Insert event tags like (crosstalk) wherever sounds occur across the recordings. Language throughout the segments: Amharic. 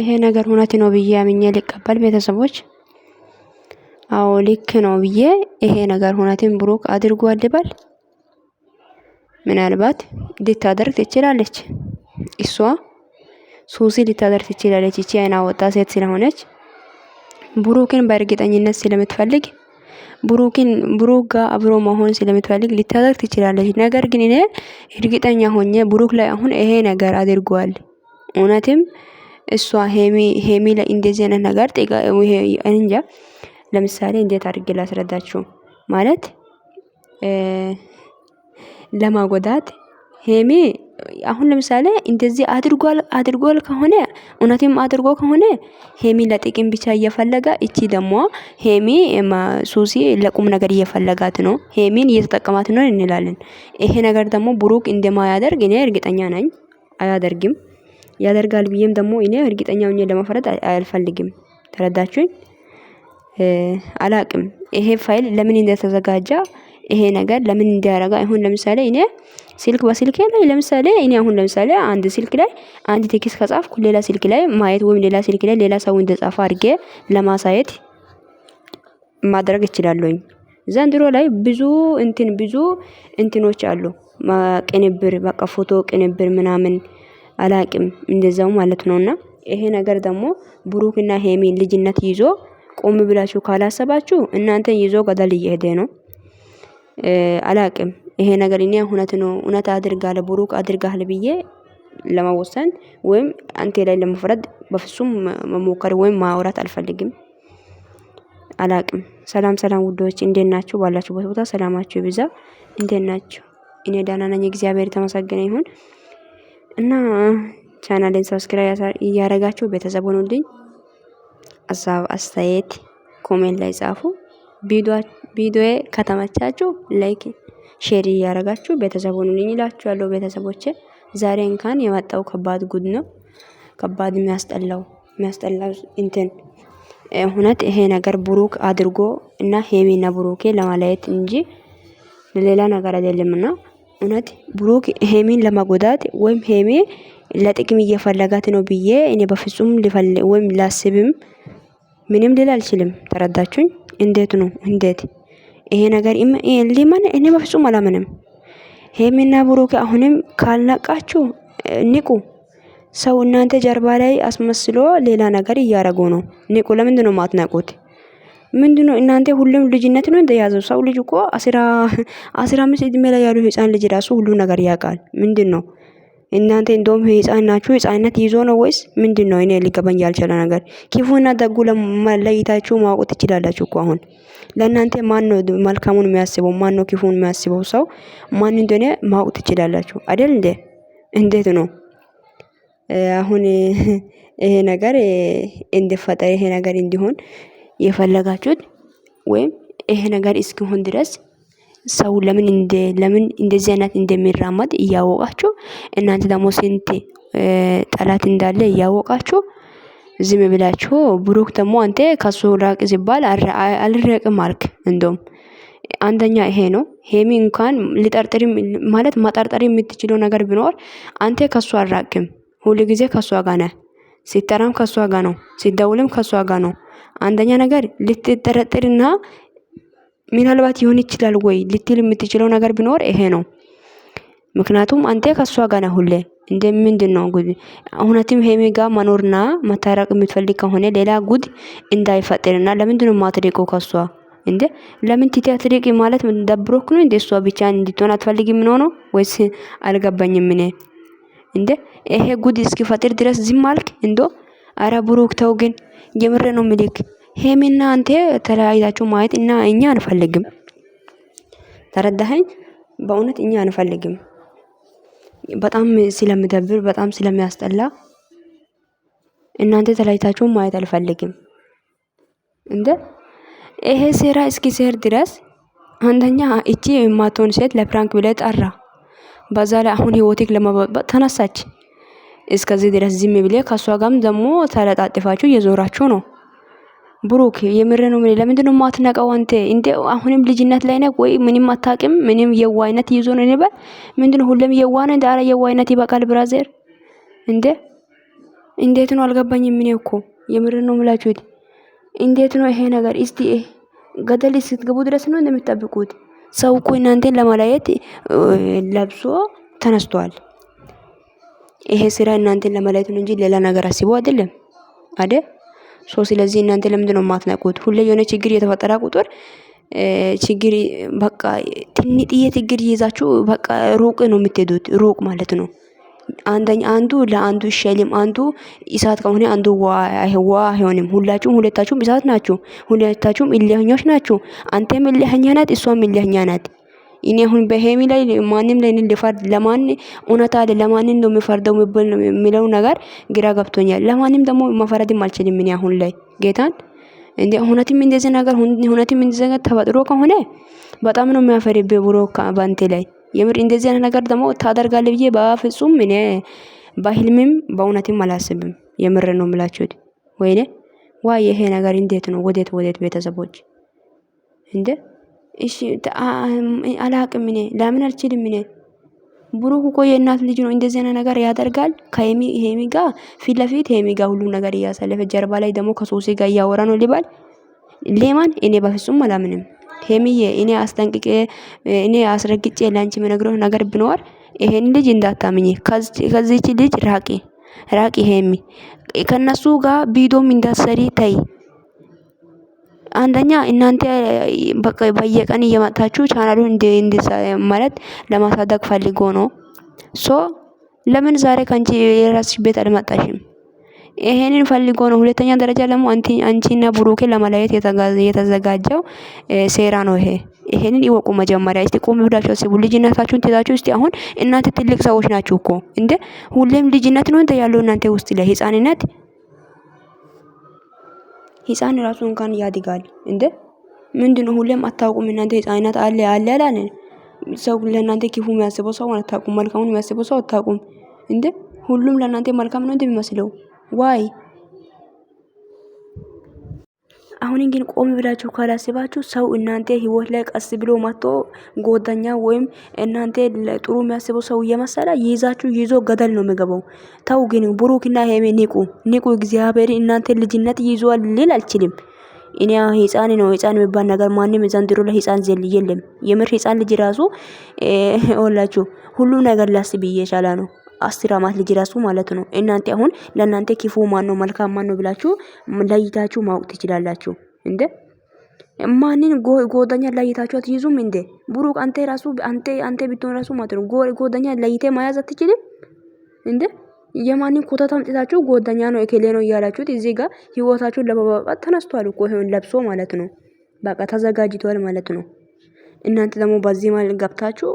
ይሄ ነገር እውነት ነው ብዬ አምኜ ሊቀበል ቤተሰቦች አዎ ልክ ነው ብዬ ይሄ ነገር እውነትን ብሩክ አድርጓል ልበል። ምናልባት ልታደርግ ትችላለች፣ እሷ ሱሲ ልታደርግ ትችላለች። እቺ አይና ወጣ ሴት ስለሆነች ብሩክን በእርግጠኝነት ስለምትፈልግ ብሩክን ብሩክ ጋር አብሮ መሆን ስለምትፈልግ ልታደርግ ትችላለች። ነገር ግን እኔ እርግጠኛ ሆኜ ብሩክ ላይ አሁን ይሄ ነገር አድርጓል እውነትም እሷ ሄሚ እንደዚህ አይነት ነገር እንጃ ለምሳሌ እንዴት አድርጌ ላስረዳችሁ? ማለት ለማጎዳት ሄሚ አሁን ለምሳሌ እንደዚህ አድርጓል አድርጓል ከሆነ እውነትም አድርጎ ከሆነ ሄሚ ለጥቅም ብቻ እየፈለገ እቺ ደግሞ ሄሚ ሱሲ ለቁም ነገር እየፈለጋት ነው፣ ሄሚን እየተጠቀማት ነው እንላለን። ይሄ ነገር ደግሞ ብሩክ እንደማያደርግ እኔ እርግጠኛ ነኝ፣ አያደርግም። ያደርጋል ብዬም ደግሞ እኔ እርግጠኛ ሆኜ ለመፍረድ አልፈልግም። ተረዳችሁኝ? አላቅም ይሄ ፋይል ለምን እንደተዘጋጀ ይሄ ነገር ለምን እንዲያረጋ አሁን ለምሳሌ እኔ ስልክ በስልኬ ላይ ለምሳሌ እኔ አሁን ለምሳሌ አንድ ስልክ ላይ አንድ ቴክስት ከጻፍኩ ሌላ ስልክ ላይ ማየት ወይም ሌላ ስልክ ላይ ሌላ ሰው እንደጻፈ አድርጌ ለማሳየት ማድረግ እችላለሁኝ። ዘንድሮ ላይ ብዙ እንትን ብዙ እንትኖች አሉ ቅንብር፣ በቃ ፎቶ ቅንብር ምናምን አላቅም እንደዛው ማለት ነውና ይሄ ነገር ደግሞ ብሩክና ሄሚን ልጅነት ይዞ ቆም ብላችሁ ካላሰባችሁ እናንተን ይዞ ገደል እየሄደ ነው። አላቅም ይሄ ነገር እኔ እውነት ነው እውነት አድርጋለ ብሩክ አድርጋል ብዬ ለመወሰን ወይም አንቴ ላይ ለመፍረድ በፍጹም መሞከር ወይም ማውራት አልፈልግም። አላቅም። ሰላም ሰላም ውዶች እንዴት ናችሁ? ባላችሁበት ቦታ ሰላማችሁ ይብዛ። እንዴት ናችሁ? እኔ ዳና ነኝ። እግዚአብሔር የተመሰገነ ይሁን። እና ቻናሌን ሰብስክራይብ እያደረጋችሁ ቤተሰብ ሆኑልኝ። ሀሳብ አስተያየት ኮሜንት ላይ ጻፉ። ቪዲዮዬ ከተመቻችሁ ላይክ ሼር እያደረጋችሁ ቤተሰብ ሆኑልኝ ይላችሁ ያለው ቤተሰቦቼ ዛሬ እንኳን የመጣው ከባድ ጉድ ነው። ከባድ የሚያስጠላው የሚያስጠላው እንትን እውነት ይሄ ነገር ብሩክ አድርጎ እና ሄሚና ብሩኬ ለማለየት እንጂ ለሌላ ነገር አይደለምና እውነት ብሩክ ሄሚን ለመጎዳት ወይም ሄሜ ለጥቅም እየፈለጋት ነው ብዬ እኔ በፍጹም ወይም ላስብም ምንም ልል አልችልም። ተረዳችሁኝ? እንዴት ነው እንዴት ይሄ ነገር ሊመን እኔ በፍጹም አላምንም። ሄሚና ብሩክ አሁንም ካልነቃችሁ ንቁ። ሰው እናንተ ጀርባ ላይ አስመስሎ ሌላ ነገር እያደረጉ ነው። ንቁ። ለምንድን ነው ማትነቁት? ምንድነው እናንተ ሁሉም ልጅነት ነው እንደያዘው ሰው ልጅ እኮ አስራ (laughs) አስራ አምስት እድሜ ላይ ያሉ ህፃን ልጅ ራሱ ሁሉ ነገር ያውቃል። ነው እናንተ እንደውም ህፃን ናችሁ። ህፃንነት ይዞ ነው ወይስ ምንድነው? እኔ ሊገባኝ ያልቻለ ነገር ክፉና ደጉ ለይታችሁ ማወቅ ትችላላችሁ እኮ አሁን። ለእናንተ ነው መልካሙን የሚያስበው ነው ክፉን የሚያስበው ሰው ማን እንደሆነ ማወቅ ትችላላችሁ አይደል እንደ እንዴት ነው አሁን ይሄ ነገር እንዲፈጠር ይሄ ነገር እንዲሆን የፈለጋችሁት ወይም ይሄ ነገር እስኪሆን ድረስ ሰው ለምን እንደ ለምን እንደዚህ አይነት እንደሚራመድ እያወቃችሁ እናንተ ደግሞ ስንት ጠላት እንዳለ እያወቃችሁ ዝም ብላችሁ ብሩክ ደግሞ አንተ ከሱ ራቅ ሲባል አልረቅም አልክ። እንደውም አንደኛ ይሄ ነው። ሄሚ እንኳን ሊጠርጥሪ ማለት ማጠርጠሪ የምትችለው ነገር ቢኖር አንተ ከሱ አራቅም ሁሉ ጊዜ ከሱ ጋር ነህ። ሲጠራም ከሷ ጋር ነው፣ ሲደውልም ከሷ ነው። አንደኛ ነገር ልትጠረጥርና ምናልባት ይሆን ይችላል ወይ ልትል የምትችለው ነገር ቢኖር ይሄ ነው። ምክንያቱም አንተ ከሷ ጋር ነህ ሁሌ እንደ ምንድን ነው ጉድ እውነትም ሄሜ ጋር መኖርና መታረቅ የምትፈልግ ከሆነ ሌላ ጉድ እንዳይፈጥርና ለምንድን ነው ማትደቆ ከሷ እንዴ? ለምን ቲቲ አትሪቅ ማለት ደብሮክ ነው እንዴ? እሷ ብቻ እንድትሆን አትፈልግም ምን ሆኖ ወይስ አልገባኝም እኔ እንዴ? ይሄ ጉድ እስኪፈጥር ድረስ ዝም አልክ እንዶ አረ ብሩክ ተው ግን የምር ነው ምልክ ሄሜና አንተ ተለያይታችሁ ማየት እና እኛ አንፈልግም። ተረዳኸኝ? በእውነት እኛ አንፈልግም። በጣም ስለምደብር፣ በጣም ስለሚያስጠላ እናንተ ተለያይታችሁ ማየት አልፈልግም። እንደ ይሄ ሴራ እስኪ ሴር ድረስ አንደኛ እቺ የማትሆን ሴት ለፕራንክ ብለ ጠራ። በዛ ላይ አሁን ህይወቴክ ለመበጥበጥ ተነሳች። እስከዚህ ድረስ ዝም ብሌ ከእሷ ጋም ደግሞ ተለጣጥፋችሁ እየዞራችሁ ነው። ብሩክ የምር ነው። ምን ለምንድን ነው የማትነቀው አንተ? እንደ አሁንም ልጅነት ላይ ነህ ወይ? ምንም አታውቅም። ምንም የዋህነት ይዞ ነው እንበል። ምንድን ነው ሁሉም የዋህ ነህ? ኧረ የዋህነት ይበቃል ብራዘር። እንደ እንዴት ነው አልገባኝም። ምን እኮ የምር ነው የምላችሁት። እንዴት ነው ይሄ ነገር? እስቲ ገደል ስትገቡ ድረስ ነው እንደምትጠብቁት? ሰው እኮ እናንተን ለማላየት ለብሶ ተነስቷል። ይሄ ስራ እናንተን ለማለት ነው እንጂ ሌላ ነገር አስቦ አይደለም አይደል? ሶ ስለዚህ እናንተ ለምንድን ነው የማትነቁት? ሁሌ የሆነ ችግር የተፈጠረ ቁጥር ችግር በቃ ትንጥዬ ችግር ይዛችሁ በቃ ሩቅ ነው የምትሄዱት። ሩቅ ማለት ነው አንደኛ አንዱ ለአንዱ ሸሊም አንዱ እሳት ከሆነ አንዱ ዋ አይሆንም። ሁላችሁም ሁለታችሁም እሳት ናችሁ። ሁለታችሁም እልህኞች ናችሁ። አንተም እልህኛ ናት፣ እሷም እልህኛ ናት። እኔ አሁን በሄሚ ላይ ማንም ላይ ልፈርድ ለማን እውነት አለ ለማን ነው የሚፈርደው የሚለው ነገር ግራ ገብቶኛል። ለማንም ደግሞ መፈረድም አልችልም። እኔ አሁን ላይ ጌታን እንዴ እውነትም እንደዚህ ነገር እውነትም እንደዚህ ነገር ተፈጥሮ ከሆነ በጣም ነው የሚያፈርብ ብሮ ባንቴ ላይ የምር እንደዚህ አይነት ነገር ደግሞ ታደርጋለ ብዬ በፍጹም እኔ በህልምም በእውነትም አላስብም። የምር ነው የምላችሁት። ወይኔ ዋ ይሄ ነገር እንዴት ነው? ወዴት ወዴት ቤተሰቦች እንዴ እሺ አላቅም እኔ ለምን አልችልም ምን ብሩክ እኮ የእናት ልጅ ነው። እንደዚህ አይነት ነገር ያደርጋል። ከሄሚ ሄሚ ጋ ፊት ለፊት ሄሚ ጋ ሁሉም ነገር እያሳለፈ ጀርባ ላይ ደግሞ ከሶሴ ጋር እያወራ ነው ሊባል ሌማን እኔ በፍጹም አላምንም። ሄሚዬ እኔ አስጠንቅቄ እኔ አስረግጬ ላንቺ የምነግረው ነገር ብኖር ይሄን ልጅ እንዳታምኝ፣ ከዚች ልጅ ራቂ ራቂ። ሄሚ ከነሱ ጋር ቢዶም እንዳትሰሪ ተይ። አንደኛ እናንተ በቃ በየቀን እየመጣችሁ ቻናሉን እንደ ማለት ለማሳደግ ፈልጎ ነው። ሶ ለምን ዛሬ ከአንቺ የራስሽ ቤት አልመጣሽም? ይሄንን ፈልጎ ነው። ሁለተኛ ደረጃ ደግሞ አንቺ አንቺና ብሩኬ ለመለየት የተዘጋጀው ሴራ ነው ይሄ። ይሄንን ይወቁ መጀመሪያ። እስቲ ቆም ብላችሁ አስቡ። ልጅነታችሁን ትይዛችሁ እስቲ አሁን እናንተ ትልቅ ሰዎች ናችሁ እኮ እንዴ! ሁሌም ልጅነት ነው እንደ ያለው እናንተ ውስጥ ለህፃንነት ህፃን ራሱን እንኳን ያድጋል እንዴ! ምንድነው? ሁሌም አታውቁም እናንተ ህፃናት አለ አለ አላለ ሰው ለእናንተ ክፉ የሚያስበው ሰው አታውቁም፣ መልካሙን የሚያስበው ሰው አታውቁም እንዴ! ሁሉም ለእናንተ መልካም ነው እንደሚመስለው ዋይ አሁን ግን ቆም ብላችሁ ካላስባችሁ ሰው እናንተ ህይወት ላይ ቀስ ብሎ መጥቶ ጎደኛ ወይም እናንተ ጥሩ የሚያስበው ሰው እየመሰለ ይይዛችሁ ይዞ ገደል ነው የሚገባው። ተው ግን ብሩክና ሄሜ ንቁ፣ ንቁ። እግዚአብሔር እናንተ ልጅነት ይዟል ልል አልችልም። እኔ ህፃን ነው ህፃን የሚባል ነገር ማንም ዘንድሮ ላይ ህፃን ዘል የለም። የምር ህፃን ልጅ ራሱ ሁላችሁ ሁሉ ነገር ላስብ እየቻለ ነው። አስር አመት ልጅ ራሱ ማለት ነው። እናንተ አሁን ለእናንተ ክፉ ማን ነው መልካም ማን ነው ብላችሁ ለይታችሁ ማወቅ ትችላላችሁ እንዴ? ማንን ጎደኛ ለይታችሁ አትይዙም እንዴ? ብሩክ አንተ ራሱ አንተ አንተ ብትሆን ራሱ ማለት ነው ጎደኛ ለይቴ መያዝ አትችልም እንዴ? የማንን ኮታ ታምጥታችሁ ጎደኛ ነው እከሌ ነው እያላችሁት እዚህ ጋር ህይወታችሁን ለመባባት ተነስቷል እኮ ይሁን ለብሶ ማለት ነው። በቃ ተዘጋጅቷል ማለት ነው። እናንተ ደግሞ በዚህ ማለት ገብታችሁ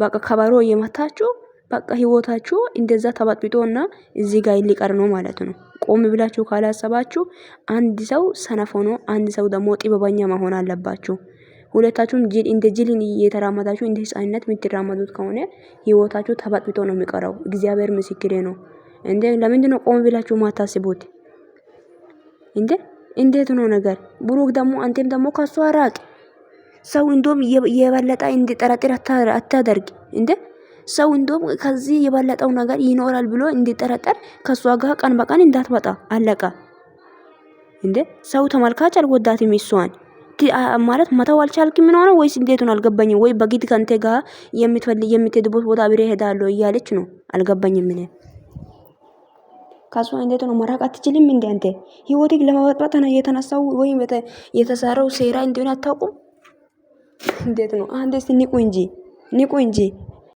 በቃ ከበሮ እየመታችሁ በቃ ህይወታችሁ እንደዛ እና እዚህ ጋር ሊቀር ነው ማለት ነው። ቆም ብላችሁ ካላሰባችሁ አንድ ሰው ሰነፍ ሆኖ አንድ ሰው ደግሞ ጥበበኛ መሆን አለባችሁ። ሁለታችሁም ጅል እንደ ጅልን እየተራመዳችሁ እንደ ህፃንነት የምትራመዱት ከሆነ ህይወታችሁ ተባጥብጦ ነው የሚቀረው። እግዚአብሔር ምስክሬ ነው። እን ለምንድን ነው ቆም ብላችሁ ማታስቡት? እንዴ እንዴት ነው ነገር? ብሩክ ደግሞ አንቴም ደግሞ ከሱ አራቅ። ሰው እንደውም የበለጠ እንዲጠራጥር አታደርግ እንዴ ሰው እንደውም ከዚህ የበለጠው ነገር ይኖራል ብሎ እንዲጠረጠር ከእሷ ጋር ቀን በቀን እንዳትወጣ አለቀ። እንዴ ሰው ተመልካች አልወዳትም እሷን ማለት መተው ምን ሆነ ወይስ እንዴት ነው? አልገባኝም። ወይ በግድ ከንቴ ጋር የምትፈልግ የምትሄድበት ቦታ ብሬ እሄዳለሁ እያለች ነው። አልገባኝም ምን ከሷ እንዴት ነው መራቅ አትችልም? እንዴ አንተ ህይወትህ ለመበጥበጥ ነው የተነሳው ወይም የተሰራው ሴራ እንደሆነ አታውቁም? እንዴት ነው አንዴስ? ንቁ እንጂ ንቁ እንጂ